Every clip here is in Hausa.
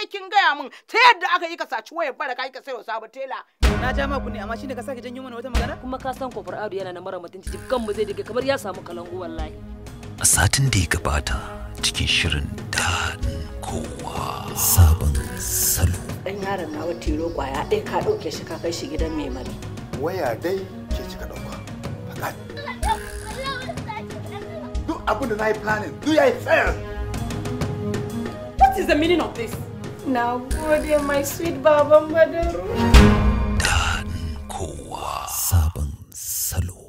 sai kin gaya min ta yadda aka yi ka saci wayar baraka ka sayo sabu tela na ja maku ne amma shine ka sake janyo mana wata magana kuma ka san kofar ado yana na mara mutunci jikan mu zai dige kamar ya samu kalangu wallahi a satin da ya gabata cikin shirin daɗin kowa sabon salo dan yaron wata tiro kwaya ɗaya ka ɗauke shi ka kai shi gidan mai mari waya dai ke cika ɗauka fakat duk abin da na yi planning duk ya yi fail What is the meaning of this? Na gode, my sweet baban Badaru. Dan kowa sabon salo.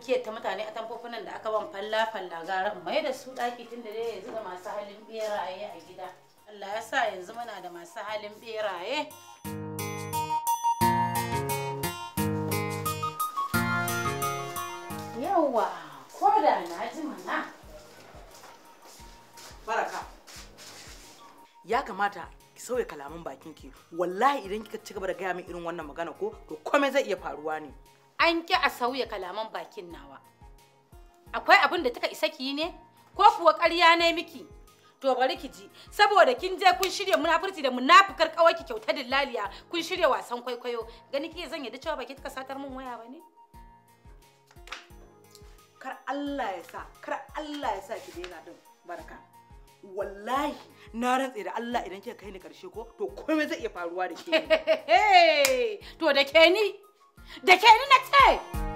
dukiyar ta mutane a tamfofinan da aka ban falla falla gara mai da su daki tun da dai yanzu da masu halin beraye a gida Allah ya sa yanzu muna da masu halin beraye yawa ko da na ji mana baraka ya kamata ki sauya kalaman bakin ki wallahi idan kika ci gaba da gaya min irin wannan magana ko to komai zai iya faruwa ne an ki a sauya kalaman bakin nawa akwai abin da taka isa ki yi ne ko kuwa ƙarya ne miki to bari ki ji saboda kin je kun shirya munafurci da munafukar kawai ki kyauta laliya kun shirya wasan kwaikwayo gani kike zan yadda cewa baki kika satar min waya bane kar Allah ya sa kar Allah ya sa ki daina din barka wallahi na rantse da Allah idan kika kai ni karshe ko to komai zai iya faruwa da ke to da ke ni They can't in the tape.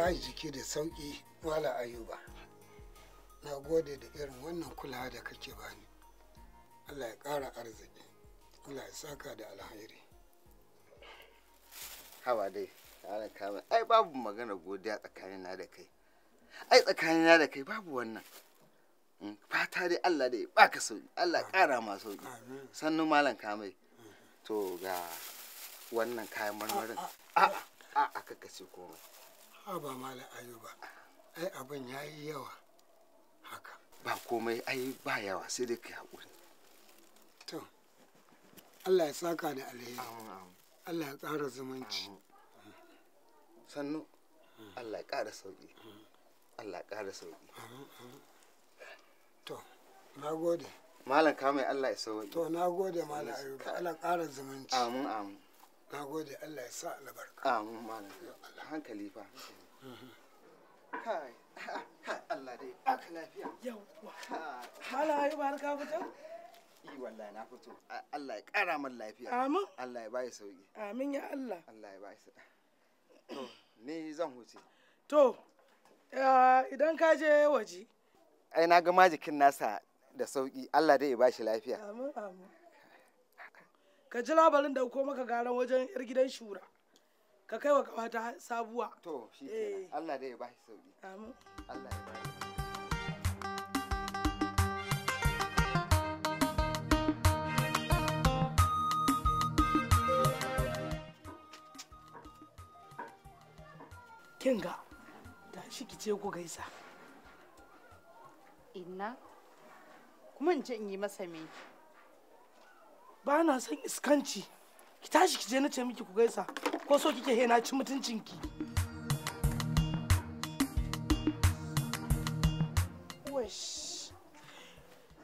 ba jiki da sauƙi wala ayuba na gode da irin wannan kulawa da kake bani allah ya ƙara arziki allah ya saka da alhairi hawa dai ana kama ai babu magana godiya tsakanina da kai ai tsakanina da kai babu wannan mm, fata dai allah dai baka sauki allah ƙara ma sauki sannu malam kamai mm. to ga wannan kayan marmarin ah, ah, ah. a'a a'a a ce komai haba mala ba. ai abin ya yi yawa haka ba komai ai ba yawa sai dai ka haƙuri to allah ya saka da alheri allah ya ƙara zumunci sannu allah ya ƙara sauƙi allah ya ƙara sauƙi to na gode malam kamai allah ya sauƙi to na gode malam ayuba allah ƙara zumunci amin amin na gode Allah ya sa albarka amin malam hankali fa kai Allah dai aka lafiya yawwa hala yi barka fito yi wallahi na fito Allah ya kara min lafiya amin Allah ya ba bai sauki amin ya Allah Allah ya bai sauki to ni zan huce to idan ka je waje ai na ga majikin nasa da sauki Allah dai ya ba shi lafiya amin amin ka ji labarin da ko maka garan wajen yar gidan shura ka kai wa kawata sabuwa to shi eh. kenan Allah da ya bashi sauki amin Allah ya bashi kin ga da shi kice ku gaisa inna kuma in je in yi masa me ba na son iskanci ki tashi ki je na ce miki ku gaisa ko so kike he na ci mutuncinki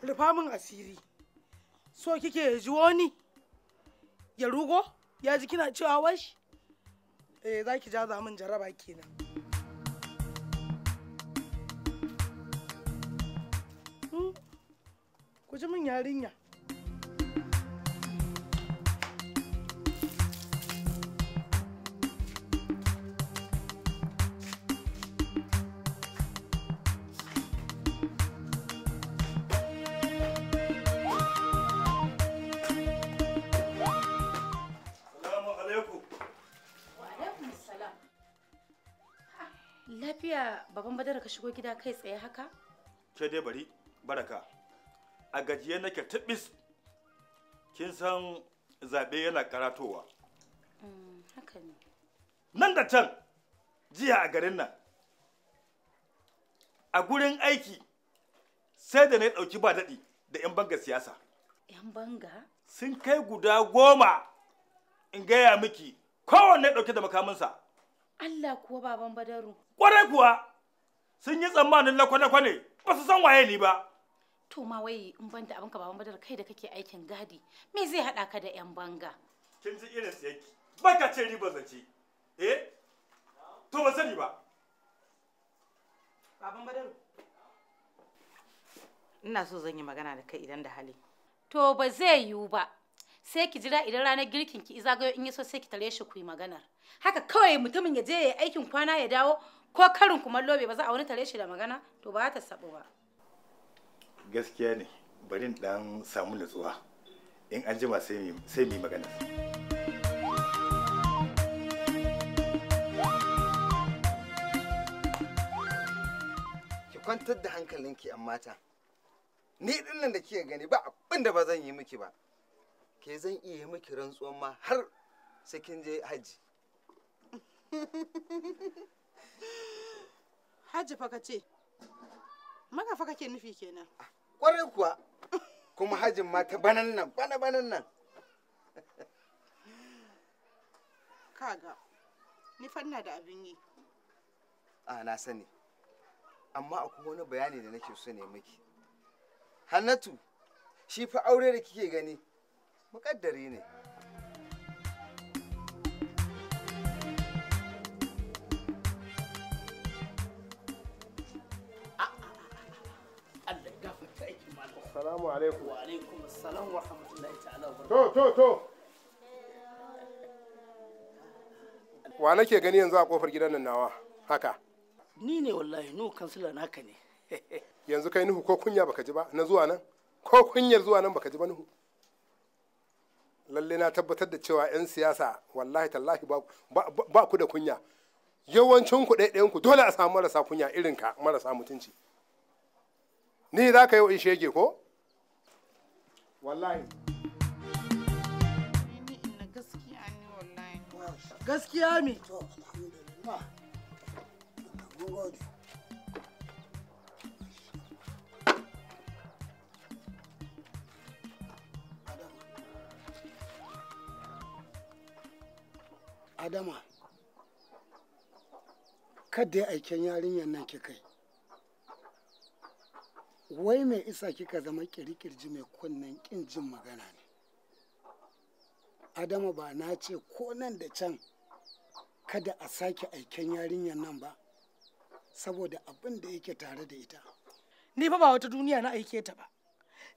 rufa min asiri so kike ya ji wani ya rugo ya ji kina cewa wai? eh za ki ja min jaraba kenan hmm? ku ji min yarinya ka shigo gida kai tsaye haka? Ke dai bari, baraka. A gajiye nake tabbis. Kin san zaɓe yana karatowa. Mm, haka ne. Nan da can, jiya a garin nan. A gurin aiki, sai da na ɗauki ba daɗi da 'yan banga siyasa. 'Yan banga? Sun kai guda goma in gaya miki kowanne ɗauke da makaminsa. Allah kuwa baban badaru. Ƙwarai kuwa! sun yi tsammanin lakwa-lakwa ne ba su san waye ni ba to ma wai in banda abin ka baban badar kai da kake aikin gadi me zai hada ka da yan banga kin ji irin yake. ba ka ce riba zance eh to ba sani ba baban badar ina so zan yi magana da kai idan da hali to ba zai yiwu ba sai ki jira idan ranar girkin ki zagayo in yaso sai ki tare shi ku yi maganar haka kawai mutumin ya je ya aikin kwana ya dawo ko karin kumallo bai ba za a wani tare shi da magana to ba ta sabu ba gaskiya ne bari dan samu nutsuwa in an jima sai mu yi magana ki kwantar da hankalinki amma mata ni din nan da kike gani ba abin da ba zan yi miki ba ke zan iya yi miki rantsuwan ma har sai kin je hajji. Hajji fa kace. Maka fa kake nufi kenan. Ah, kwarai kuwa. Kuma hajjin ma ta banan nan, bana banan nan. Kaga. Ni fa ina da abin yi. A na sani. Amma akwai wani bayani da nake so ne miki. Hannatu, shi fa aure da kike gani, muƙaddari ne. assalamu alaikum wa alaikum assalam wa rahmatullahi ta'ala to to to wa nake gani yanzu a kofar gidan nan nawa haka ni ne wallahi nu kansila naka ne yanzu kai nuhu ko kunya baka ji ba na zuwa nan ko kunyar zuwa nan baka ji ba nuhu lalle na tabbatar da cewa 'yan siyasa wallahi tallahi ba ku da kunya yawancin ku ɗayan ku dole a samu marasa kunya irin ka marasa mutunci ni za ka yi shege ko wallahi gaskiya ne adama kada ya aiken yarinyar nan ke kai wai mai isa kika zama kirkirji mai kunnen kin jin magana ne adama ba na ce ko nan da can kada a sake aiken yarinyar nan ba saboda abin da yake tare da ita ni fa ba wata duniya na aike ta ba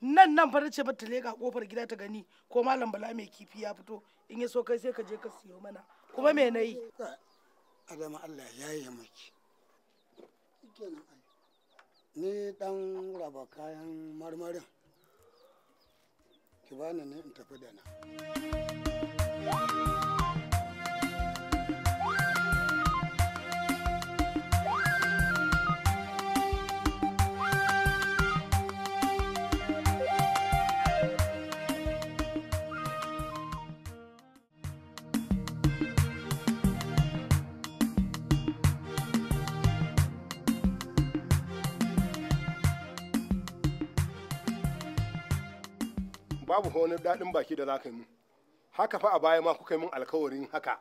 nan nan fara ce ta leka kofar gida ta gani ko malam bala mai kifi ya fito in ya so kai sai ka je ka siyo mana kuma me nayi adama Allah ya yi ni ɗan raba kayan marmarin ki bani ne in tafi da na. babu wani daɗin baki da za ka yi haka fa a baya ma kuka yi min alkawarin haka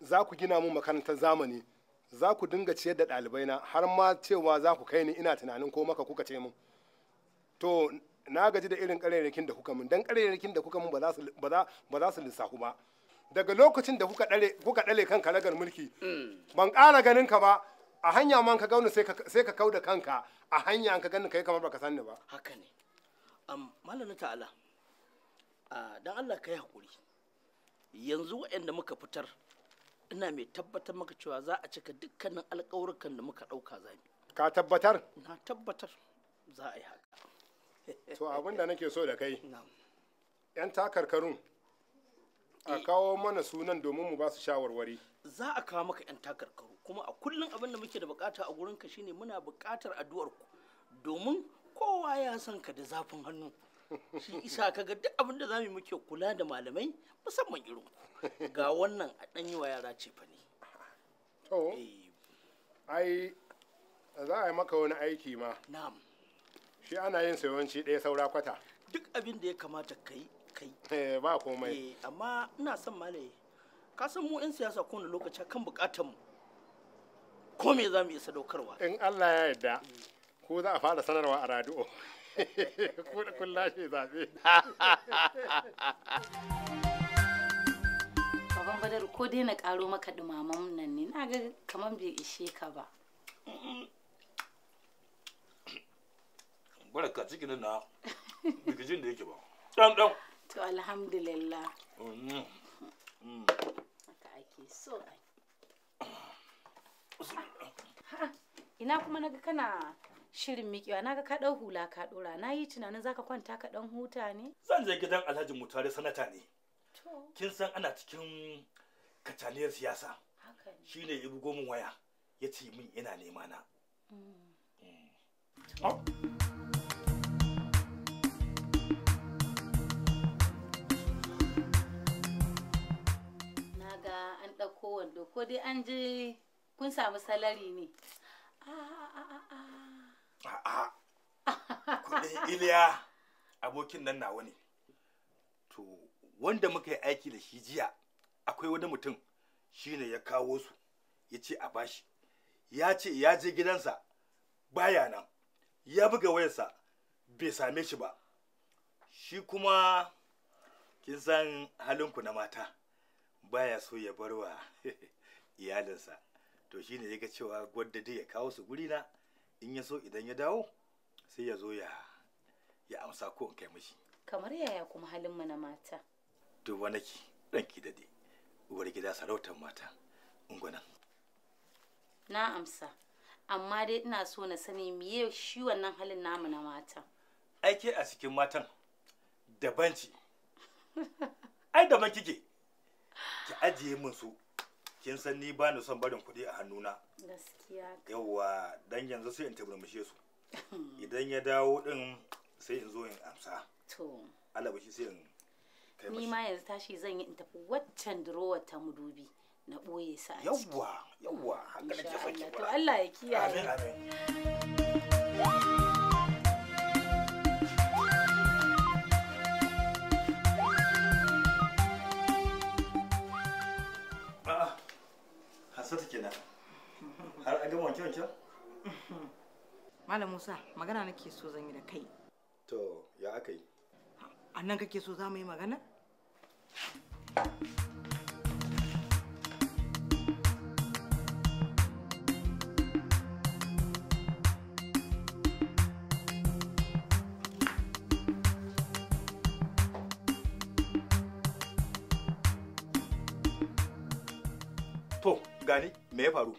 za ku gina min makarantar zamani za ku dinga ciyar da ɗalibaina har ma cewa za ku kai ni ina tunanin ko maka kuka ce min to na gaji da irin ƙarerrakin da kuka min dan ƙarerrakin da kuka min ba za su lissahu ba daga lokacin da kuka ɗale kuka ɗale kan karagar mulki mm. ban ƙara ganin ka ba a hanya man ka gauna sai ka kauda kanka a hanya an ka ganin kai kamar baka san ni ba haka ne malamin ta'ala don allah ka yi haƙuri yanzu waɗanda muka fitar ina mai tabbatar maka cewa za a cika dukkanin alƙawurkan da muka ɗauka za mu ka tabbatar na tabbatar za a yi haka to abin da nake so da kai yan takarkarun a eh. kawo mana sunan domin mu ba su shawarwari za a kawo maka yan takarkaru kuma a kullum abin da muke da bukata a gurinka shine muna bukatar addu'ar ku domin kowa ya san ka da zafin hannu shi isa ka ga duk abin da za mu muke kula da malamai musamman irin ga wannan a ɗan yi wa yara ce fa ne to eh. ai za a yi maka wani aiki ma na'am shi ana yin sayawanci ɗaya saura kwata duk abin da ya kamata kai kai eh, ba komai eh, amma ina son malaye ka san mu 'yan siyasa kowane lokaci kan bukatar mu ko me za mu iya sadaukarwa in Allah ya yarda ko za a fara sanarwa a radio ko da kun lashe zaɓe baban badar ko dai na karo maka dumaman nan ne na ga kamar bai ishe ka ba baraka cikin na bikijin da yake ba dan dan to alhamdulillah mm-hmm. mm. haka ake so ina kuma naga kana shirin miƙewa na ga ka hula ka ɗora na yi tunanin zaka kwanta ka ɗan huta ne. Zan je gidan Alhaji Mutare sanata ne. Kin san ana cikin kacaniyar siyasa. Shi ne ya bugo min waya ya ce min yana nema na. Mm. Oh. Na ga an ɗauko wando ko dai an je kun samu salari ne. Ah, ah, ah, ah, ah. A'a, kuɗin Iliya abokin nan nawa ne. To, wanda muka yi aiki da shi jiya, akwai wani mutum shi ne ya kawo su, ya ce a bashi. Ya ce ya je gidansa baya nan, ya buga wayarsa bai same shi ba. Shi kuma kin san halinku na mata, baya so ya barwa iyalinsa. To shi ne ya ga cewa gwadda dai ya kawo su guri na in ya so idan ya dawo sai ya zo ya ya amsa ko in kai mishi kamar yaya kuma halin mana na mata duba ki ɗanki dade uwar gida sarautar mata ungwanan na amsa amma dai ina so na sani miye shi wannan halin namu na mata aike a cikin matan daban ce ai daban kike ki ajiye min su kin san ni ba ni son barin kuɗi a hannuna gaskiya yawa dan yanzu sai in taburmushe su idan ya dawo din sai in zo in amsa to bashi sai in ni ma yanzu tashi zan yi in tafi waccan durowar ta mudubi na ɓoye sa a yawa yawwa yawwa haka nake to Allah ya kiyaye amin amin hasata kenan har a gama wanke wanke malam musa magana nake so zan yi da kai to ya aka yi a nan kake so za mu yi magana gani me ya faru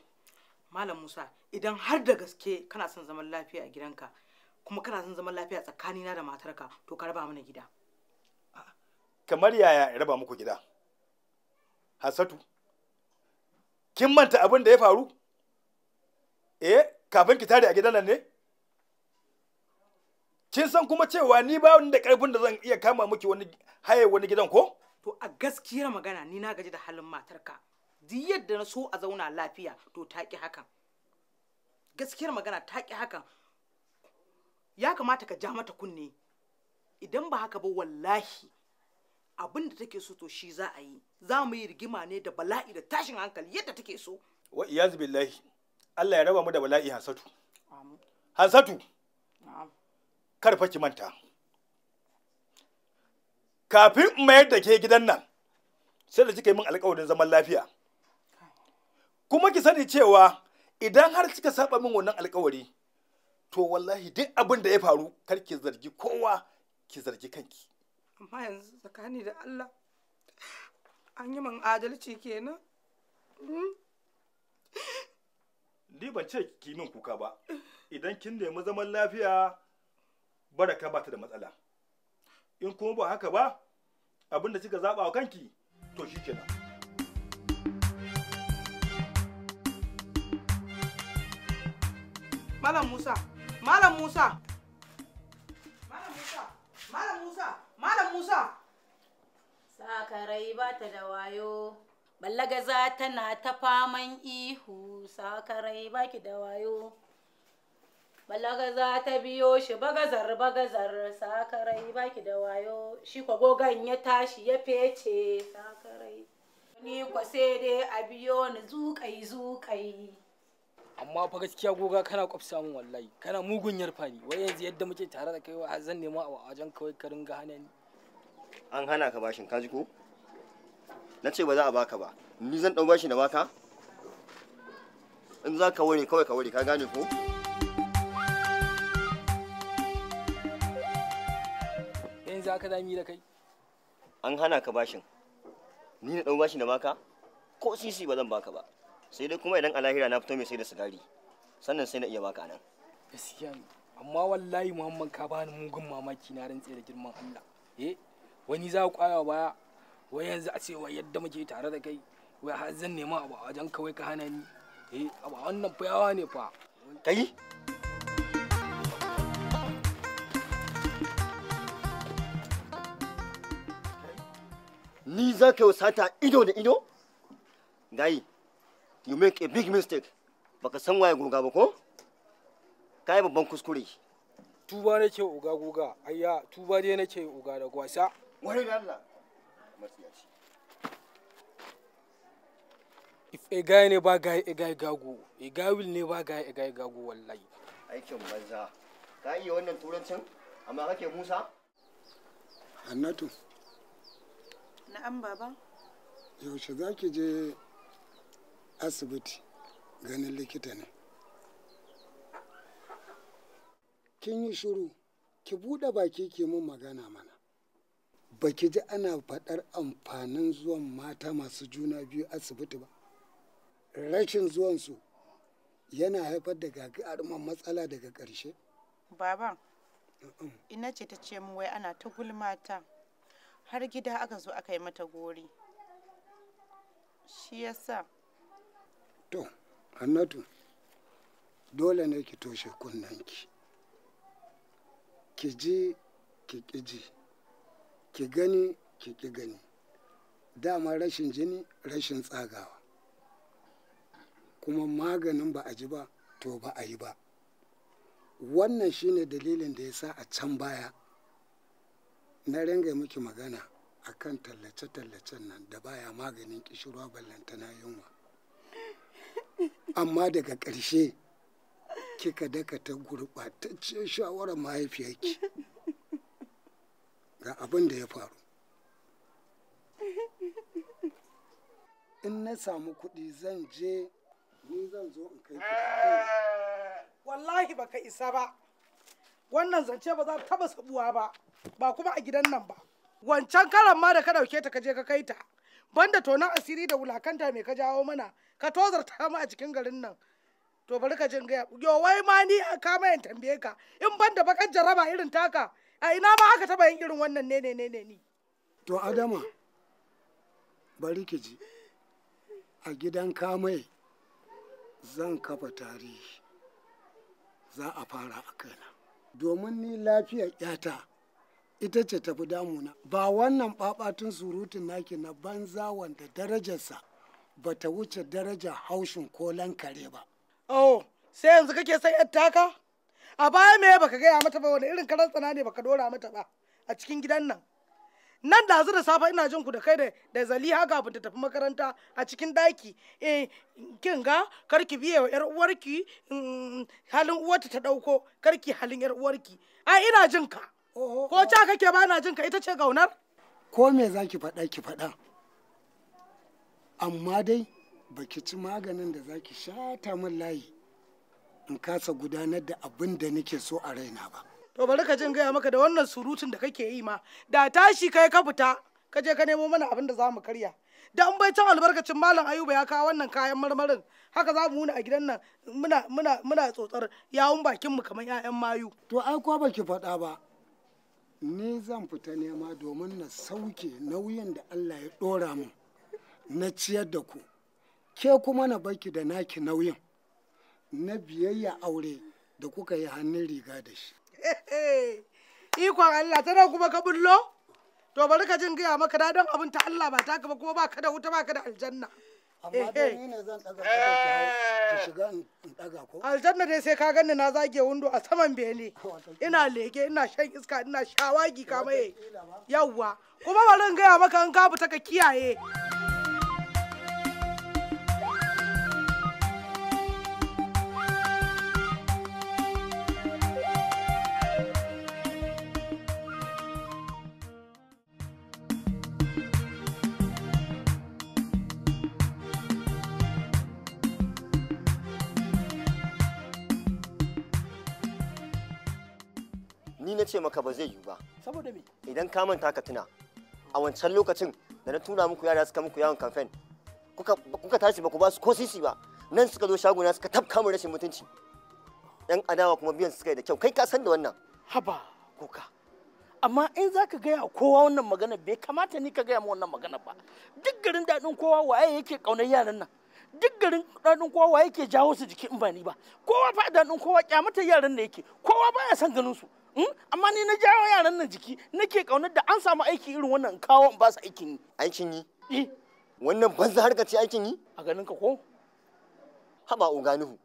malam musa idan har da gaske kana son zaman lafiya a gidanka kuma kana son zaman lafiya tsakanina da matarka to ka raba mana gida kamar yaya ya raba muku gida hasatu kin manta abin da ya faru eh kafin ki tare a gidan nan ne kin san kuma cewa ni ba da karfin da zan iya kama miki wani haye wani gidan ko to a gaskiyar magana ni na gaji da halin matarka duk yadda na so a zauna lafiya to ta ki hakan gaskiyar magana ta ki hakan ya kamata ka ja mata kunne idan ba haka ba wallahi abin da take so to shi za a yi za mu yi rigima ne da bala'i da tashin hankali yadda take so wa iyazu billahi Allah ya raba mu da bala'i hasatu hasatu kar fa ki manta kafin in mayar da ke gidan nan sai da kika yi min alƙawarin zaman lafiya kuma ki sani cewa idan har kika saba min wannan alkawari to wallahi duk abin da ya faru kar ki zargi kowa ki zargi kanki amma yanzu tsakani da Allah an yi min adalci kenan hmm? ni ban ce ki min kuka ba idan kin nemi zaman lafiya baraka ba ta da matsala in kuma ba haka ba abin da kika zaba wa kanki to shikenan Malam Musa, Malam Musa. Malam Musa, Malam Musa, Malam Musa. Sakarai ba ta da wayo. Ballagaza tana ta faman ihu, sakarai ba ki da wayo. za ta biyo shi bagazar bagazar, sakarai ba ki da wayo. Shi gogan ya tashi ya fece, sakarai. Ni kwa sai dai a biyo ni zuƙai zuƙai. amma fa gaskiya goga kana kwafsa mun wallahi kana mugun yarfa ni wai yanzu yadda muke tare da kai wa zan nemi a wajen kawai ka ringa hana ni an hana ka bashin ka ji ko na ce ba za a baka ba ni zan dau bashi na baka in za ka ware kawai ka ware ka gane ko yanzu aka dami da kai an hana ka bashin ni na dau bashi na baka ko sisi ba zan baka ba sai dai kuma idan a lahira na fito mai sai da sigari sannan sai na iya baka nan gaskiya amma wallahi muhammad ka bani mugun mamaki na rantse da girman allah eh wani za ku kwaya baya wai yanzu a ce wai yadda muke tare da kai wai har zan nema abu a wajen kawai ka hana ni eh abu wannan fa yawa ne fa kai ni za ka yi sata ido da ido gayi you make a big mistake baka san waye goga ba ko kai babban kuskure tuba nake uga goga ayya tuba dai nake uga da gwasa wani da Allah if a guy ne ba guy a guy gago a guy will ne ba guy a guy gago wallahi aikin banza ka iya wannan turancin amma kake musa annatu na'am baba yaushe za ki je asibiti ganin likita ne kin yi shiru ki buɗe baki ke mun magana mana baki ji ana faɗar amfanin zuwan mata masu juna biyu asibiti ba rashin zuwansu yana haifar da gagarumin matsala daga ƙarshe baban ina ce ta ce mu wai ana ta gulmata har gida aka zo aka yi mata gori shi yasa To, Hannatu, dole ne ki toshe kunnanki, ki ji ki ƙiji, ki gani ki ƙi gani, dama rashin jini rashin tsagawa, kuma maganin ba a ji ba to ba a yi ba. Wannan shine dalilin da ya sa a can baya na ringa miki magana akan tallace-tallacen nan da baya maganin ƙishirwa ballantana yunwa. amma daga ƙarshe kika dakata ta gurɓataccen shawarar mahaifiyarki ga abin da ya faru in na samu kuɗi zan je ni zan zo in kai wallahi baka isa ba wannan zance ba za ta taba sabuwa ba ba kuma a gidan nan ba wancan karan ma da ka ɗauke ta ka je ka kai ta banda tonan asiri da wulakanta mai ka jawo mana ka tozarta mu a cikin garin nan to bari ka jin gaya yo wai ma ni a kama tambaye ka in banda bakan jaraba irin taka a ina ma aka taba yin irin wannan ne ne ne ne ni to adama bari ki ji a gidan kamai zan kafa tarihi za a fara a kaina domin ni lafiyar 'yata ita ce tafi damuna ba wannan babatun surutun naki na banza wanda darajarsa ba ta wuce darajar haushin kolan kare ba oh sai yanzu kake san yar taka a baya me baka gaya mata ba wani irin karan tsana ne baka dora mata ba a cikin gidan nan nan da da safa ina jin ku da kai da zali haka ta tafi makaranta a cikin daki eh kin ga karki biye wa yar uwarki mm, halin uwarta ta dauko karki halin yar uwarki a ina jin ka Ko ca kake ba na ka ita ce gaunar? Ko me za ki faɗa ki faɗa. Amma dai baki ci maganin da za ki shata min layi in kasa gudanar da abin da nake so a raina ba. To bari ka jin gaya maka da wannan surutun da kake yi ma da tashi kai ka fita ka je ka nemo mana abin da za mu karya. da an bai can albarkacin malam ayuba ya kawo wannan kayan marmarin haka za mu wuni a gidan nan muna muna muna tsotsar yawun bakin mu kamar 'ya'yan mayu to ai ko baki faɗa ba ni zan fita nema domin na sauke nauyin da Allah ya ɗora mu na ciyar da ku ke kuma na baki da naki nauyin na biyayya aure da kuka yi hannun riga da shi ikon Allah tana kuma ka bullo to bari ka jin gaya maka da, dan abin ta Allah ba taka ba kuma ba ka da wuta ba ka da aljanna aljanna ne sai ka ganni na zage wundo a saman bene ina leke ina shan iska ina shawagi kamaye eh. yawwa kuma bari in gaya maka in ka fita ka kiyaye ce maka ba zai yiwu ba saboda me idan ka manta ka tuna a wancan lokacin da na tura muku yara suka muku yawon kamfen kuka tashi ba ku ba su ko sisi ba nan suka zo shaguna suka tafka mu rashin mutunci yan adawa kuma biyan suka yi da kyau kai ka san da wannan haba kuka amma in za ka gaya kowa wannan magana bai kamata ni ka gaya ma wannan magana ba duk garin daɗin kowa waye yake ƙaunar yaran nan duk garin daɗin kowa waye yake jawo su jiki in ba ni ba kowa fa daɗin kowa kyamatar yaran da yake kowa baya son ganin su Hmm? amma ni na jawo yaran nan jiki nake kaunar da an samu aiki irin wannan kawo in ba su aikin yi aikin yi eh. wannan banza harka ce aikin yi a ganin ka ko haba uganuhu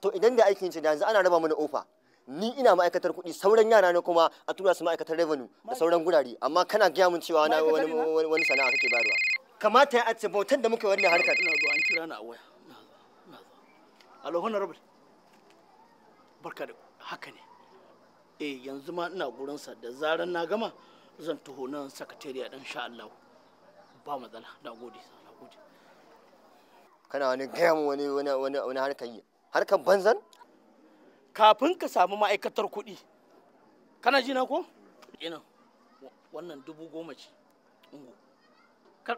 to idan da aikin ce da yanzu ana raba mana ofa ni ina ma'aikatar kuɗi sauran yara ne kuma a tura su ma'aikatar revenue da sauran gurare amma kana gaya min cewa na wani wani sana'a kake bayarwa kamata ya ce bautan da muke wannan harkar ina zo an kira ni a waya alo honorable barka da haka ne eh yanzu ma ina gurinsa da zarar na gama zan taho nan sakatariya ɗin sha Allah ba matsala na gode kana wani gaya mu wani wani wani harkar yi harkar banzan kafin ka samu ma'aikatar kuɗi kana ji na ko ina wannan dubu goma ce ungo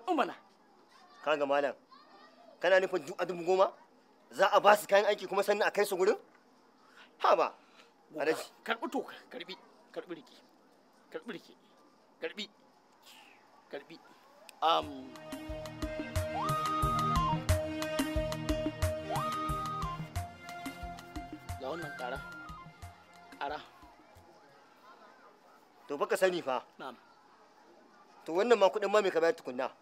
umana mana kaga malam kana nufin a dubu goma za a ba su kayan aiki kuma sannan a kai su gurin ha ba alaji karbi to karbi karbi riki karbi riki karbi karbi um ga wannan kara kara to baka sani fa na'am to wannan ma kudin ma me ka bayar tukunna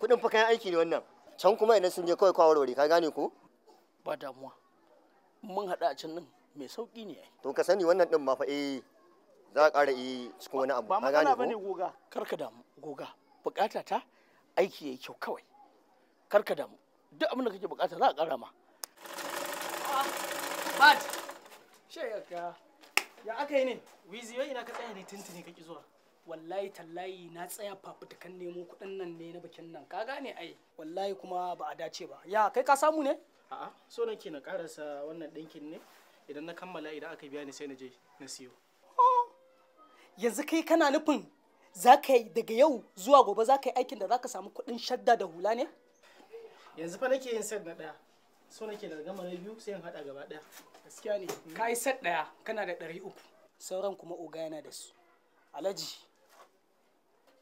kudin fa kayan aiki ne wannan can kuma idan sun je kawai kwawarware ka gane ko ba damuwa mun hada a can nan mai sauki ne to ka sani wannan din ma fa eh za a ƙara eh cikin wani abu ba ba bane goga karka damu goga bukata ta aiki yayi kyau kawai karka damu duk abin da kake bukata za a ƙara ma ah, bad shayaka ya aka yi ne wiziyo ina ka tsaya ne tintini kake zuwa wallahi tallahi na tsaya fafutukan nemo kudin nan ne na bakin nan ka gane ai wallahi kuma ba a dace ba ya kai ka samu ne a'a so nake na karasa wannan dinkin ne idan na kammala idan aka biya ni sai na je na siyo oh! yanzu kai kana nufin za ka yi daga yau zuwa gobe za ka yi aikin da za ka samu kuɗin shadda da hula ne yanzu fa nake yin set na ɗaya so nake da gama na biyu sai in haɗa gaba ɗaya gaskiya ne ka yi set ɗaya kana da ɗari uku sauran kuma oga yana da su alhaji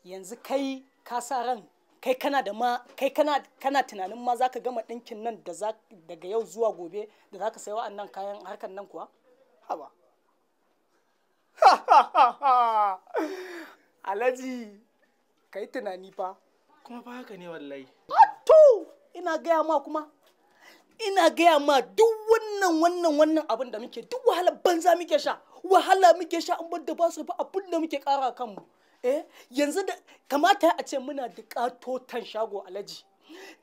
yanzu kai ka sa ran kai kana da ma kai kana kana tunanin ma zaka gama dinkin nan da za daga yau zuwa gobe da zaka sai wa'annan kayan harkan nan kuwa ba alhaji kai tunani fa kuma ba haka ne wallahi to ina gaya ma kuma ina gaya ma duk wannan wannan wannan abin da muke duk wahala banza muke sha wahala muke sha an bar da ba su ba abin da muke kara kanmu eh yanzu da kamata a ce muna da katotan shago alaji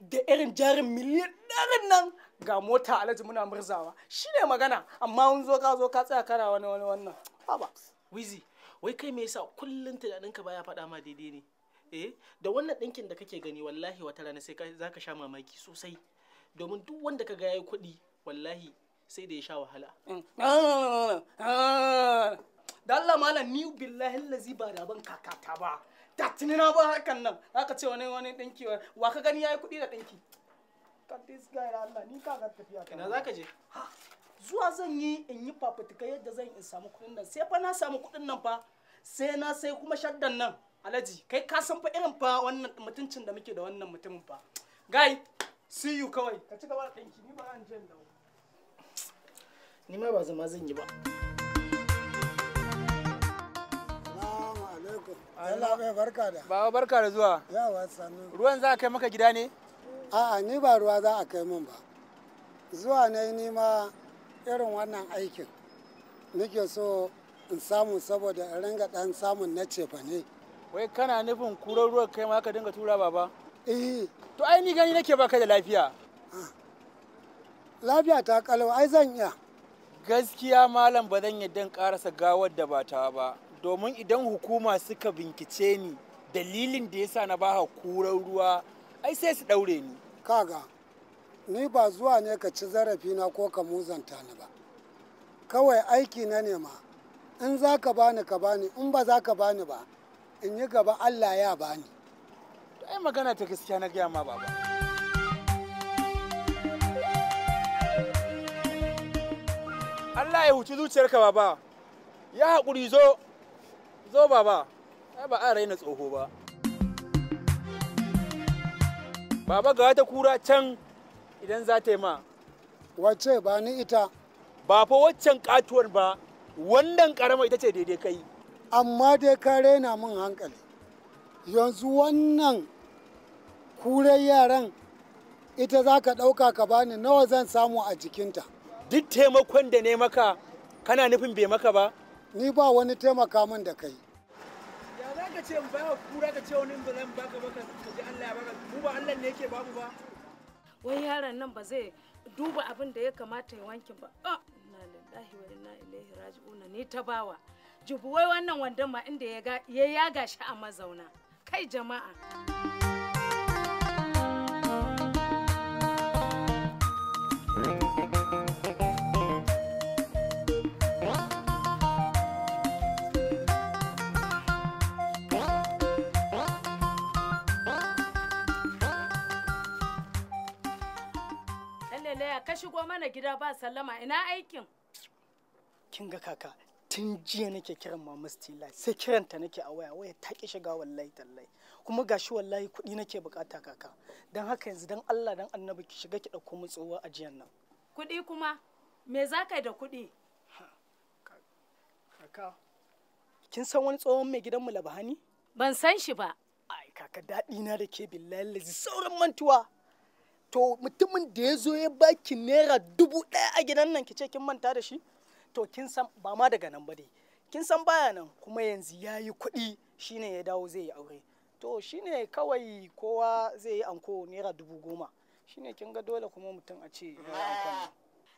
da irin jarin miliyan ɗarin nan ga mota alaji muna murzawa shi ne magana amma wani zo ka zo ka tsaya kana wani wani wannan haba wizi wai kai me yasa kullun ka baya faɗa ma daidai ne eh da wannan ɗinkin da kake gani wallahi wata rana sai za ka sha mamaki sosai domin duk wanda ka ga yayi kuɗi wallahi sai da ya sha wahala mm. ah, ah, da Allah malam ni billahi lazi ba da ban kakata ba da tuni na ba hakan nan haka ce wani wani dinki wa ka gani yayi kudi da dinki ka this guy da Allah ni ka ga tafiya kana zaka je zuwa zan yi in yi fafutuka yadda zan in samu kuɗin nan sai fa na samu kuɗin nan fa sai na sai kuma shaddan nan alaji kai ka san fa irin fa wannan mutuncin da muke da wannan mutumin fa guy see you kawai ka ci gaba da dinki ni ba zan je da ni ma ba zama zan yi ba alaikum. Allah bai barka da. Baba barka da zuwa. Yawa sannu. Ruwan za a kai maka gida ne? A'a ni ba ruwa za a kai min ba. Zuwa ne ni ma irin wannan aikin. Nake so in samu saboda in ringa dan samun na cefa ne. Wai kana nufin kurar ruwa kai ma ka dinga tura baba? Eh. To ai ni gani nake baka da lafiya. Ah. Lafiya ta kalau ai zan iya. Gaskiya malam ba zan yadda in karasa gawar da ba ta ba. domin idan hukuma suka binkice ni dalilin da yasa na ba kurar ruwa ai sai su ɗaure ni kaga ni ba zuwa ne ka ci zarafi na ko ka muzanta ni ba kawai aiki na nema in za ka bani ka bani in ba za ka bani ba in yi gaba allah ya bani ai magana ta gaskiya na gaya ma baba allah ya huci zuciyarka baba ya haƙuri zo zo ba ba a raina tsoho ba baba ga wata kura can idan za ta yi ma wace ba ni ita ba fa waccan katuwar ba wannan karama ita ce daidai kai amma dai ka raina min hankali yanzu wannan kurai yaran ita za ka ɗauka ka bani nawa zan samu a jikinta duk taimakon da ne maka kana nufin bai maka ba ni ba wani taimaka min da kai ya za ka ce ba kura ka ce wani ba zan baka ka ji Allah ya baka mu ba Allah ne yake babu ba wai yaron nan ba zai duba abin da ya kamata ya wankin ba ah, inna lillahi wa inna ilaihi raji'un ni ta bawa jubu wai wannan wandon ma inda ya yaga shi a mazauna kai jama'a Thank you. lelaya ka shigo mana gida ba sallama ina aikin kin ga kaka tun jiya nake kiran mama stila sai kiranta nake a waya waya ta ki shiga wallahi tallahi kuma gashi wallahi kuɗi nake bukata kaka don haka yanzu don Allah dan annabi ki shiga ki dauko mu tsowa a jiyan nan kuɗi kuma me za ka da kuɗi kaka kin san wani tsohon mai gidanmu labahani ban san shi ba ai kaka daɗi na da ke billahi sauran mantuwa to mutumin da ya zo ya baki naira dubu ɗaya a gidan nan ki ce kin manta da shi to kin san ba ma daga nan ba dai kin san baya nan kuma yanzu ya yi kuɗi shine ya dawo zai yi aure to shine kawai kowa zai yi anko naira dubu goma shine kin ga dole kuma mutum a ce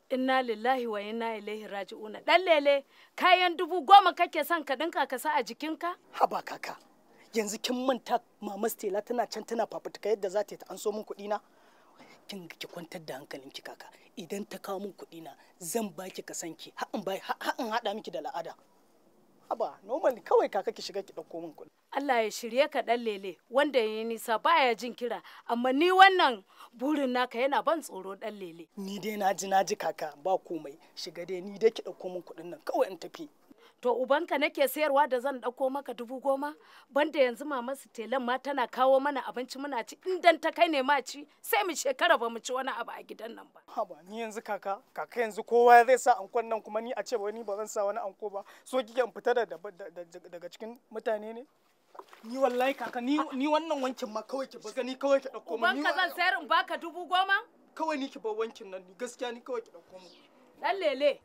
inna lillahi wa inna ilaihi raji'una dan lele kayan dubu goma kake son ka dinka ka sa a jikinka haba kaka yanzu kin manta mama Stella tana can tana fafutuka yadda za ta yi ta an so min kuɗi na kin ki kwantar da hankalin ki kaka idan ta kawo min kuɗi na zan baki ka san ki bai in haɗa miki da la'ada haba normal kawai kaka ki shiga ki ɗauko min kuɗi Allah ya shirye ka ɗan lele wanda ya nisa baya jin kira amma ni wannan burin naka yana ban tsoro ɗan lele ni dai na ji kaka ba komai shiga dai ni dai ki ɗauko min kuɗin nan kawai in tafi to ubanka nake sayarwa da zan ɗauko maka dubu goma banda yanzu mama su telan ma tana kawo mana abinci muna ci indan ta kai ne ma ci sai mu shekara ba mu ci wani abu a gidan nan ba haba ni yanzu kaka kaka yanzu kowa zai sa ankon nan kuma ni a ce ni ba zan sa wani anko ba so kike in fita daga cikin mutane ne ni wallahi kaka ni wannan wankin ma kawai ki baga ni kawai ki dauko mu ubanka zan sayar in baka dubu goma kawai ni ki bar wankin nan ni gaskiya ni kawai ki dauko mu dan lele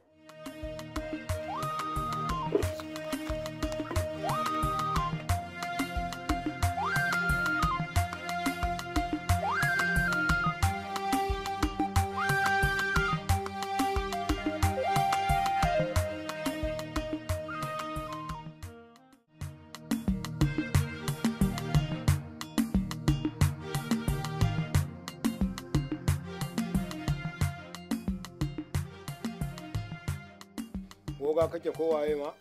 ba kake kowaye ma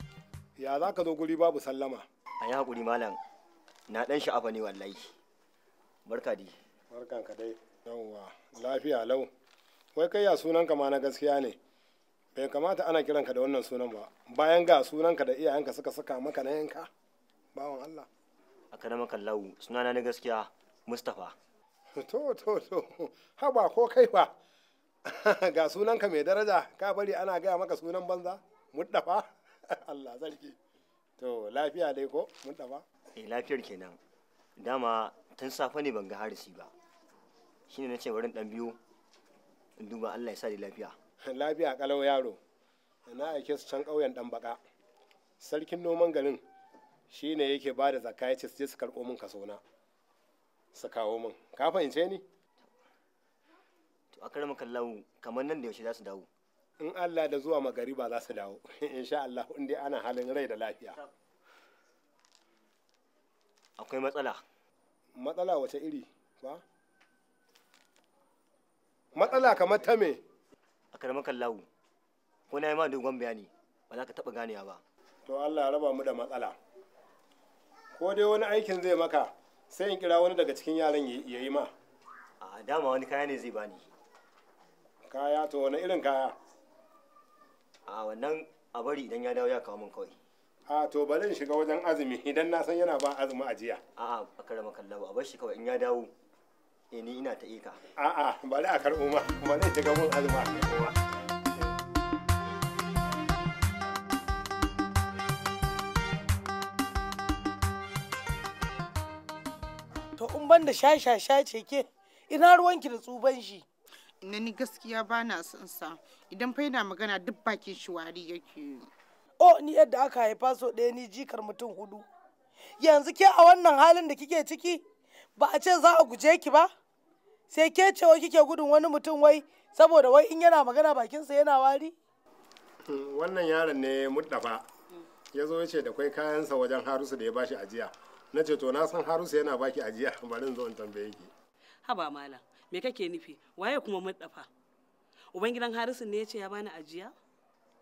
ya za ka zo guri babu sallama a yi haƙuri malam na ɗan sha'afa ne wallahi barka di barkan ka dai yawwa lafiya lau wai kai ya sunan ka ma na gaskiya ne bai kamata ana kiranka da wannan sunan ba bayan ga ka da iyayenka suka saka maka na yanka bawan Allah a kana lau sunana na gaskiya Mustapha to to to haba ko kai ba ga sunanka mai daraja ka bari ana gaya maka sunan banza muddafa Allah sarki to lafiya dai ko muddafa eh lafiyar kenan dama tun safe ne ban ga harisi ba shine na ce barin dan biyu in duba Allah ya sa da lafiya lafiya kalau yaro na aike su can ƙauyen dan baka sarkin noman garin shine yake ba da zakka ya ce su je su karɓo min kaso na su kawo min ka fahimce ni to a kallahu kamar nan da yaushe za su dawo in allah da zuwa magariba za su dawo insha allah inda ana halin rai da lafiya akwai matsala matsala wace iri ba matsala kamar ta me a karamar kallawu ko na yi ma dogon bayani ba za ka taɓa ganewa ba to allah raba mu da matsala ko dai wani aikin zai maka sai in kira wani daga cikin yaran ya yi ma a dama wani kaya ne zai bani kaya to wani irin kaya a wannan a bari idan ya dawo ya kawo min kawai a to bari in shiga wajen azumi idan na san yana ba azumi a a'a a karama kallawa a bar shi kawai in ya dawo eh ni ina ta ika a'a bari a karɓo ma Kuma zan shiga mun azumi a kowa to in ban da shashasha ce ke ina ruwanki da tsuban shi na ni gaskiya ba na son sa idan fa yana magana duk bakin shi wari yake oh ni yadda aka haifa so ɗaya ni jikar mutum hudu yanzu ke a wannan halin da kike ciki ba a ce za a guje ki ba sai ke cewa kike gudun wani mutum wai saboda wai in yana magana bakinsa yana wari hmm, wannan yaron ne muddafa ya zo ce da kai kayansa wajen harusu da ya bashi ajiya na ce to na san harusu yana baki ajiya bari in zo in tambaye ki haba malam me kake nufi waye kuma muddafa ubangidan harisun ne ya ce ya bani ajiya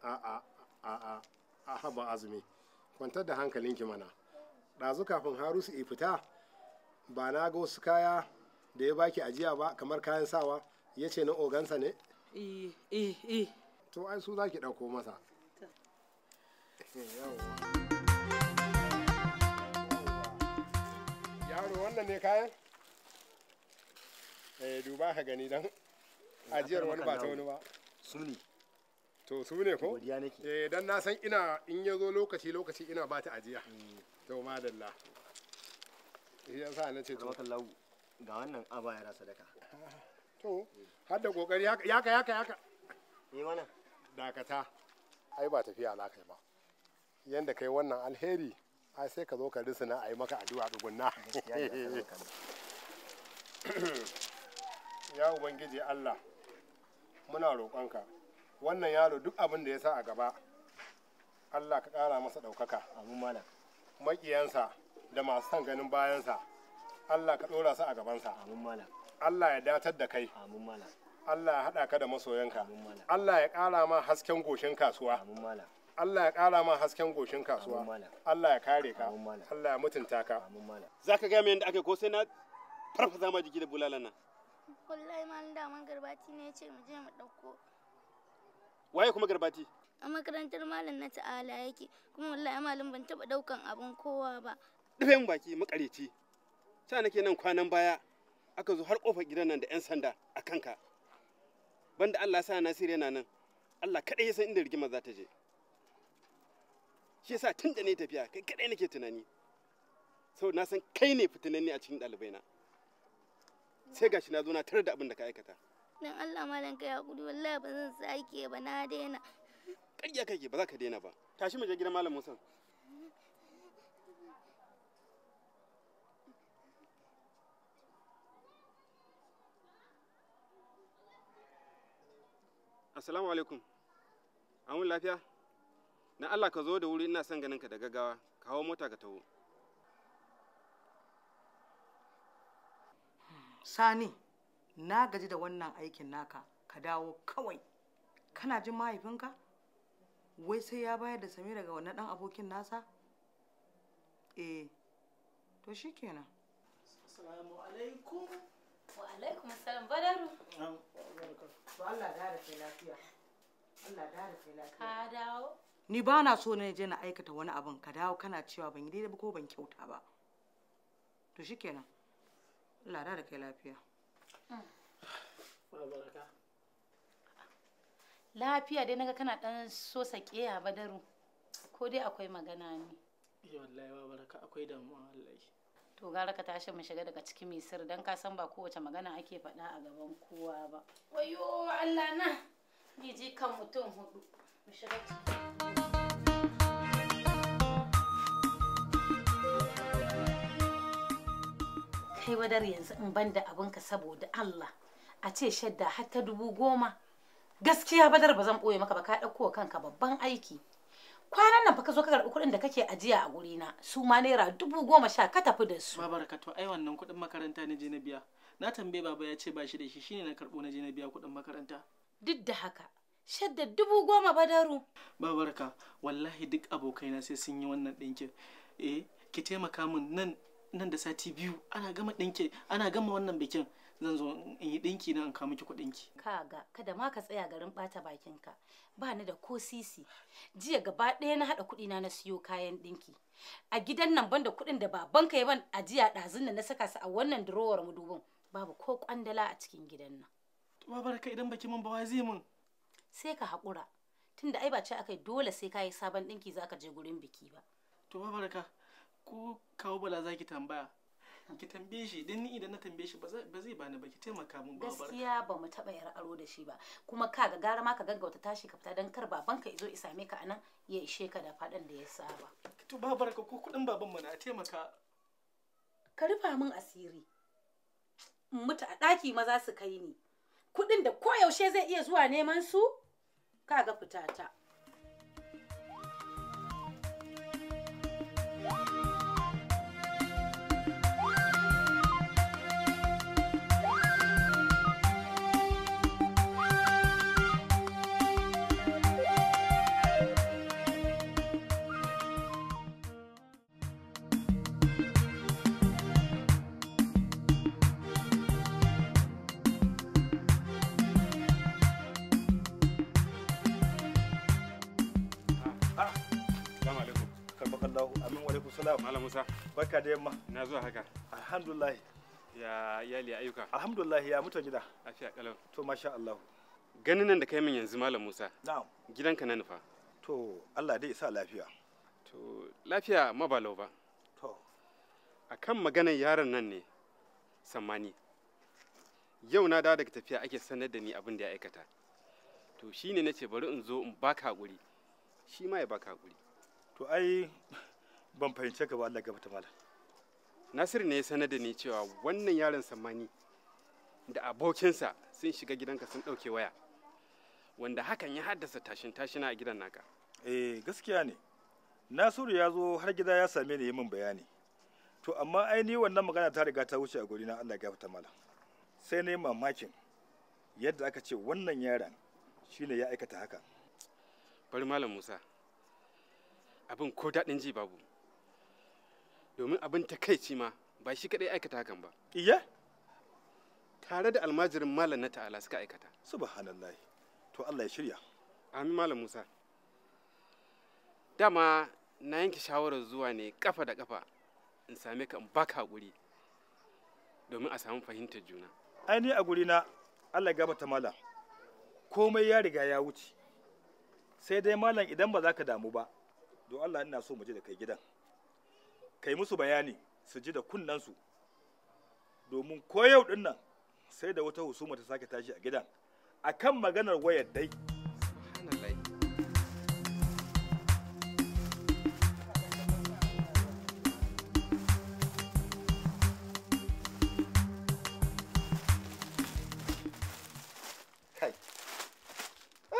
a'a a'a a haba azumi kwantar da hankalinki mana ɗazu kafin harusu i fita ba na ga wasu kaya da ya baki ajiya ba kamar kayan sawa ya ce na ogansa ne to ai su za ki ɗauko masa eh, yaro wannan ne kayan Eh, duba ka gani dan eh, ajiyar wani ba ta wani ba su ne to su ne ko godiya nake eh, dan na san ina in ya zo lokaci lokaci ina ba ta ajiya mm. to madalla shi yasa na ce to kallahu ga wannan aba yara sadaka to har da kokari yaka yaka yaka ni mana dakata ai ba tafiya na kai ba yanda kai wannan alheri ai sai ka zo ka risina a yi maka addu'a dugunna ya ubangiji allah muna roƙonka wannan yaro duk abin da ya sa a gaba allah ka ƙara masa ɗaukaka maƙiyansa da masu son ganin bayansa allah ka ɗora su a gabansa allah ya datar da kai allah ya haɗa ka da masoyanka allah ya ƙara ma hasken goshin kasuwa Allah ya ƙara ma hasken goshin kasuwa. Allah ya kare ka. Allah ya mutunta ka. Za ka gaya min yadda ake ko sai na farfasa ma jiki da bulalan nan. wallahi malam daman garbati ne ya ce mu je mu ɗauko waye kuma garbati a makarantar malam na ta'ala yake kuma wallahi malam ban taɓa ɗaukan abin kowa ba rufe mu baki makareci ta nake nan kwanan baya aka zo har kofar gidan nan da 'yan sanda a kanka banda Allah sa Nasiru yana nan Allah kaɗai ya san inda rigimar za ta je shi yasa tun da ne tafiya kai kaɗai nake tunani sau na san kai ne fitinanni a cikin ɗalibaina sai gashi na zo na tarar da abin da ka aikata dan Allah malam kai gudu wallahi ba zan sake ba na daina ƙarya kake ba za ka daina ba tashi mu je gidan malam Musa Assalamu alaikum. Amun lafiya? Na Allah ka zo da wuri ina son ganin ka da gaggawa. Kawo mota ka taho. sani na gaji da wannan aikin naka ka dawo kawai kana jin mahaifinka wai sai ya bayar da same daga wannan dan abokin nasa eh to shikenan assalamu alaikum wa alaikum assalam badaru to Allah da da lafiya Allah da da lafiya ka dawo ni ba na so ne je na aikata wani abin ka dawo kana cewa ban yi daidai ba ko ban kyauta ba to shikenan Allah da kai lafiya. Lafiya dai naga kana dan so sake ya badaru. Ko dai akwai magana ne. Iya eh, wallahi ba baraka akwai damuwa wallahi. To gara ka tashi mu shiga daga cikin misir dan ka san ba kowace magana ake faɗa a gaban kowa ba. Wayo Allah na. Ni ji kan mutum hudu. Mu shiga cikin kai wadar yanzu in banda abinka saboda Allah a ce shadda har ta dubu goma gaskiya badar ba zan ɓoye maka ba ka ɗauko kanka babban aiki kwanan nan fa ka zo ka karɓi kuɗin da kake ajiya a guri na su ma naira dubu goma sha ka tafi da su. to ai wannan kuɗin makaranta na je na biya na tambaye baba ya ce ba shi da shi shine na karɓo na je na biya kuɗin makaranta. Duk da haka shadda dubu goma badaru. Babarka wallahi duk abokaina sai sun yi wannan ɗinkin eh ki taimaka min nan nan da sati biyu ana gama ɗinki ana gama wannan bikin zan zo in yi ɗinki na in kawo miki kuɗin ki. Kaga kada ma ka tsaya garin ɓata ka ba ni da ko sisi jiya gaba ɗaya na haɗa kuɗi na na siyo kayan ɗinki. A gidan nan banda kuɗin da babanka ya ban a jiya ɗazun nan na saka su a wannan durowar mudubin babu ko ƙwandala a cikin gidan nan. babar ka idan baki mun ba zai mun. Sai ka haƙura tunda ai ba ce aka dole sai ka yi sabon ɗinki za je gurin biki ba. To babar barka ko kawo bala za ki tambaya ki tambaye shi dan ni idan na tambaye shi ba zai bani ba ki taimaka mun ba gaskiya ba mu taba yar aro da shi ba kuma ka ga gara ma ka gaggauta tashi ka fita dan kar babanka izo isa ka anan ya ishe ka da fadan da ya saba to ba barka ko kudin baban mu na taimaka ka rufa min asiri in mutu a daki maza su kai ni kudin da koyaushe zai iya zuwa neman su kaga fitata Malam Musa. Barka da yamma. Na zuwa haka. Alhamdulillah. Ya iyali ayyuka. Alhamdulillah ya mutan gida. Lafiya kalau. To masha Allah. Ganin nan da kai min yanzu Malam Musa. Na'am. Gidanka na nufa. To Allah dai sa lafiya. To lafiya mabalau ba. To. Akan maganar yaron nan ne sammani. Yau na dawo daga tafiya ake sanar da ni abin da ya aikata. To shine nace bari in zo in baka haƙuri Shi ma ya baka haƙuri. To ai ban fahimce ka ba Allah gaba ta mala Nasir ne ya sanar da ni cewa wannan yaron Sammani da abokinsa sun shiga gidanka sun ɗauke waya wanda hakan ya haddasa tashin tashina a gidan naka eh gaskiya ne Nasiru ya zo har gida ya same ni yi min bayani to amma ainihin wannan magana ta riga ta wuce a guri na Allah ta mala sai na mamakin yadda aka ce wannan yaron shine ya aikata haka bari malam Musa abin ko daɗin ji babu domin abin ta takaici ma ba shi kadai aikata hakan ba iya tare da almajirin malam na ta'ala suka aikata subhanallahi to Allah ya shirya amin malam Musa dama na yanke shawarar zuwa ne kafa da kafa in same ka in baka guri domin a samu fahimtar juna ai ni a guri na Allah ya gabata malam komai ya riga ya wuce sai dai malam idan ba za ka damu ba don Allah ina so mu je da kai gidan kai musu bayani su ji da kunnensu domin ko yau din nan sai da wata husuma ta sake tashi a gidan akan maganar wayar dai ah,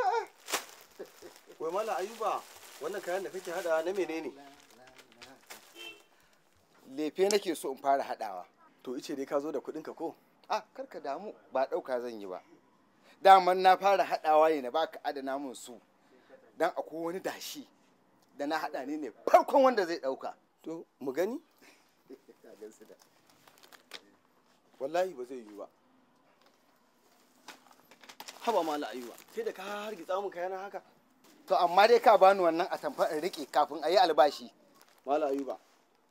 ah. Wai mala ayuba wannan kayan da kake hada na menene? lefe nake so in fara hadawa. to ice dai ka zo da kuɗinka ko a karka damu ba ɗauka zan yi ba daman na fara hadawa ne na baka adana mun su dan akwai wani dashi da na hada ne ne farkon wanda zai ɗauka to mu gani wallahi ba zai yi ba haba ma la'ayuwa sai da ka hargitsa mun yana haka to amma dai ka bani wannan atamfa in rike kafin a yi albashi mala ayuba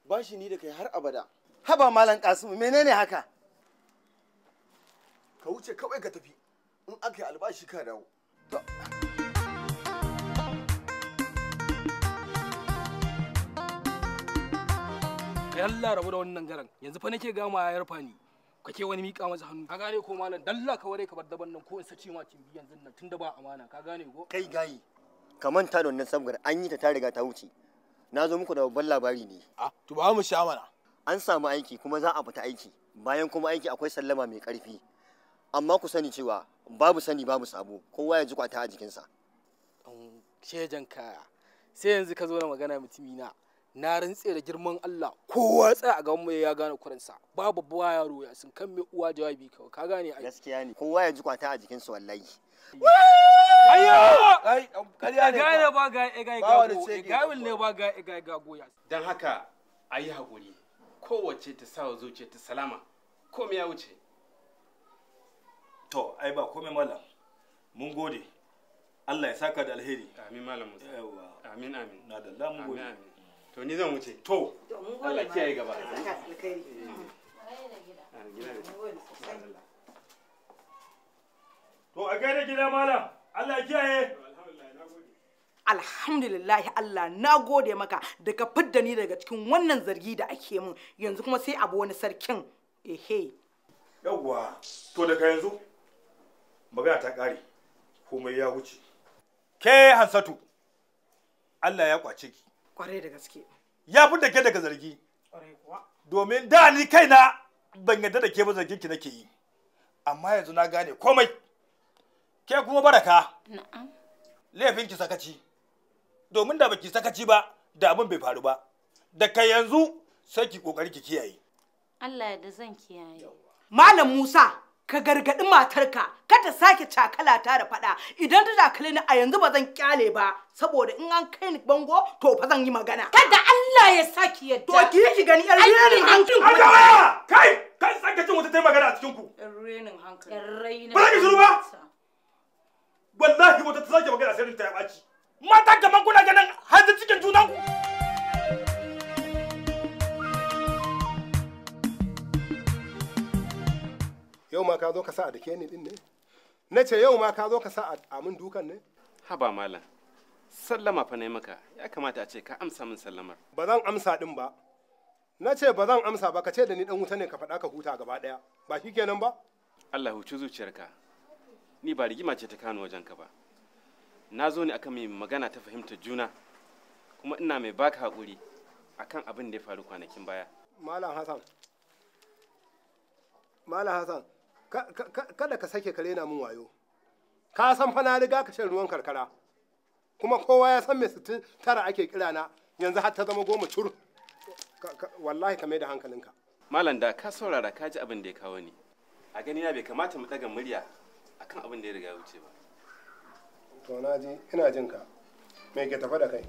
bashi ni da kai har abada haba malam kasimu menene haka ka wuce kawai ka tafi in aka yi albashi ka dawo ka yalla rabu da wannan garan yanzu fa nake gama ya fa ni kake wani mika masa hannu ka gane ko malam dalla ka ware ka bar daban nan ko in sace ma cin yanzu nan tunda ba amana ka gane ko kai gayi ka manta da wannan sabgar an yi ta ta riga ta wuce na zo muku da babban labari ne ah to ba mu sha mana an samu aiki kuma za a fita aiki bayan kuma aiki akwai sallama mai karfi amma ku sani cewa babu sani babu sabo kowa ya ji kwata a jikinsa shejan kaya sai yanzu ka zo na magana mutumi na na rantse da girman Allah kowa tsaya a gaban mu ya gane kuransa babu buwa yaro ya sun kan mai uwa jawabi kawai ka gane gaskiya ne kowa ya ji kwata a jikinsa wallahi Ayyo! ne ba. ga go. ne ba ga go Dan haka a yi haƙuri. Kowace ta sa zuciya ta salama. Komai ya wuce. To, ai ba komai malam. Mun gode. Allah ya saka da alheri. Amin malam Musa. Amin amin. Na da Allah mun gode. Amin amin. To ni zan wuce. To. Allah kiyaye gaba. Allah To a gaida gida malam, Allah kiyaye. Alhamdulillahi Allah na gode maka daga fidda ni daga cikin wannan zargi da ake min yanzu kuma sai abu wani sarkin ehe. Yawwa, to daga yanzu magana ta ƙare, komai ya wuce. Ke Hansatu, Allah ya kwace ki. Kwarai da gaske. Ya fidda ke daga zargi. Kwarai kuwa. Domin da ni kaina ban yadda da ke ba zargin ki nake yi. Amma yanzu na gane komai. ke kuma baraka laifin ki sakaci domin da baki sakaci ba da abin bai faru ba da kai yanzu sai ki kokari ki kiyaye Allah ya da zan kiyaye malam Musa ka gargaɗi matarka kada sake cakala ta da faɗa idan ta cakale ni a yanzu ba zan kyale ba saboda in an kai ni bango to fa zan yi magana kada Allah ya saki yadda to ki ki gani yar renin hankali kai kai sake cin wata tai magana a cikin ku yar renin hankali yar renin ba ki ba wallahi wata ta sake magana sai ta ya baci mata kamar kuna ganin hanzu cikin ku yau ma ka zo ka sa a dake ni din ne na ce yau ma ka zo ka sa a amin dukan ne haba malam sallama fa ne maka ya kamata a ce ka amsa min sallamar ba zan amsa din ba na ce ba zan amsa ba ka ce da ni dan wuta ne ka faɗa ka huta gaba ɗaya ba shi kenan ba Allah huci zuciyarka ni ba rigima ce ta kano wajenka ba na zo ne akan mai magana ta fahimtar juna kuma ina mai baka haƙuri akan abin da ya faru kwanakin baya malam hassan malam hassan kada ka sake kare na mun wayo ka san fa na riga ka shan ruwan karkara kuma kowa ya san mai sittin tara ake kira na yanzu har ta zama goma cur wallahi ka mai da hankalinka malam da ka saurara ka ji abin da ya kawo ni a gani na bai kamata mu daga murya akan abin da ya riga ya wuce ba to na ji ina jinka me ke tafa da kai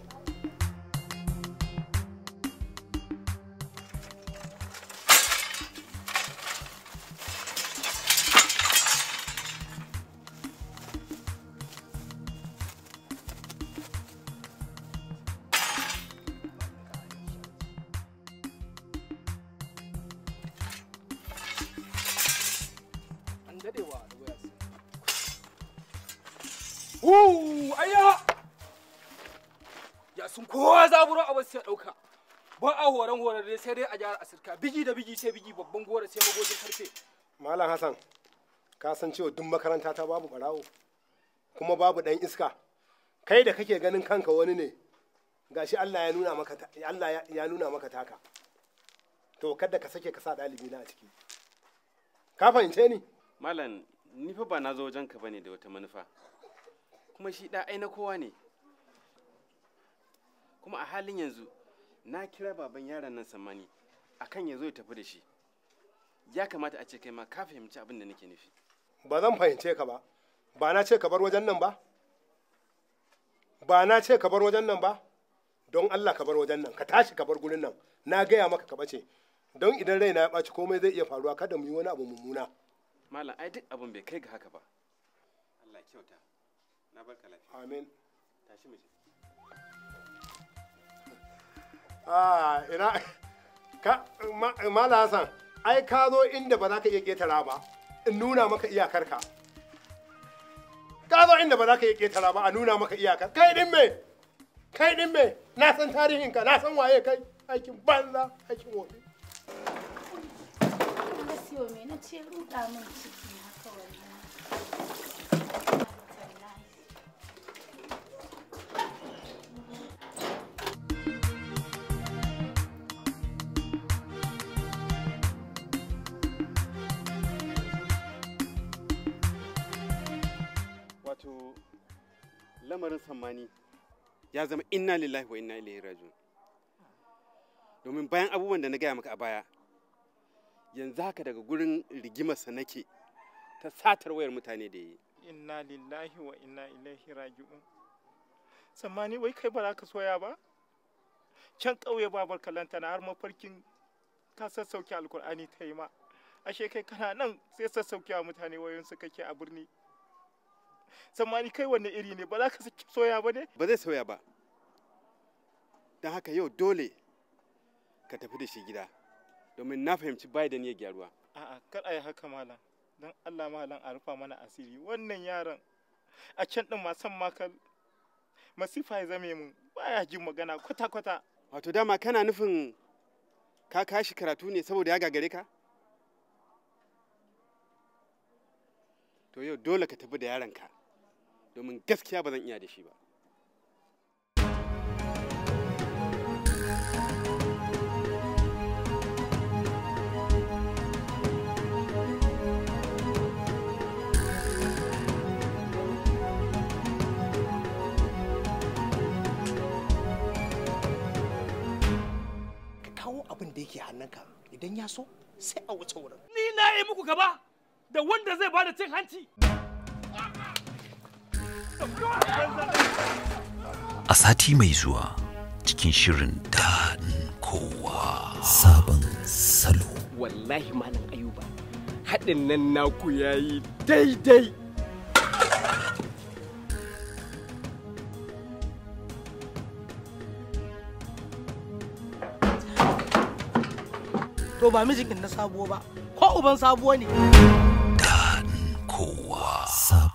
ne sai dai a jihar asirka bigi da bigi sai bigi babban gora sai magogin karfe malam hassan ka san cewa duk makaranta ta babu barawo kuma babu dan iska kai da kake ganin kanka wani ne gashi Allah ya nuna maka Allah ya nuna maka taka to kada ka sake ka sa dalibi na a ciki ka fahimce ni malam ni fa ba na zo wajen ka bane da wata manufa kuma shi da aina na kowa ne kuma a halin yanzu na kira baban yaron nan samani kan ya zo ya tafi da shi ya kamata a ce kai ma ka fahimci abin da nake nufi ba zan fahimce ka ba ba na ce ka bar wajen nan ba ba na ce ka bar wajen nan ba don Allah ka bar wajen nan ka tashi ka bar gurin nan na gaya maka ka bace don idan raina ya ɓaci komai zai iya faruwa kada mu yi wani abu mummuna malam ai duk abin bai kai ga haka ba Allah kyauta na barka lafiya amin tashi mu a ah, ina ka mala hasan ai ka zo inda ba za ka iya ketara ba in nuna maka iyakar ka ka zo inda ba za ka iya ketara ba a nuna maka iyakar kai din me kai din me na san tarihin ka na san waye kai aikin banza aikin wofi na ce ruɗa min ciki haka wannan wato lamarin sammani ya zama inna lillahi wa inna ilaihi rajiun domin bayan abubuwan da na gaya maka a baya yanzu haka daga gurin rigimarsa nake ta satar wayar mutane da yi inna lillahi wa inna ilaihi raji'un tsammani wai kai ba za ka soya ba can ƙauye babar kalanta na har mafarkin ka sassauke alkur'ani ta yi ma ashe kai kana nan sai sassauke wa mutane suka kake a birni samani kai wanne iri ne ba za ka soya ba ne ba zai soya ba don haka yau dole ka tafi da shi gida domin na fahimci biden da niyyar gyaruwa a'a kar a yi haka malam don allah malam a rufa mana asiri wannan yaron a can din ma san kal masifa ya zame mu baya jin magana kwata-kwata wato dama kana nufin ka kashi karatu ne saboda ya gagare ka to yau dole ka tafi da yaranka domin gaskiya ba zan iya da shi ba abin da yake hannunka idan ya so sai a wuce wurin. Ni na yi muku gaba da wanda zai bada cin hanci. A sati mai zuwa cikin shirin daɗin kowa. Sabon salo. Wallahi malam ayuba, haɗin nan naku yayi daidai. To ba mijikin na sabuwa ba, ko uban sabuwa ne. Daɗin kowa.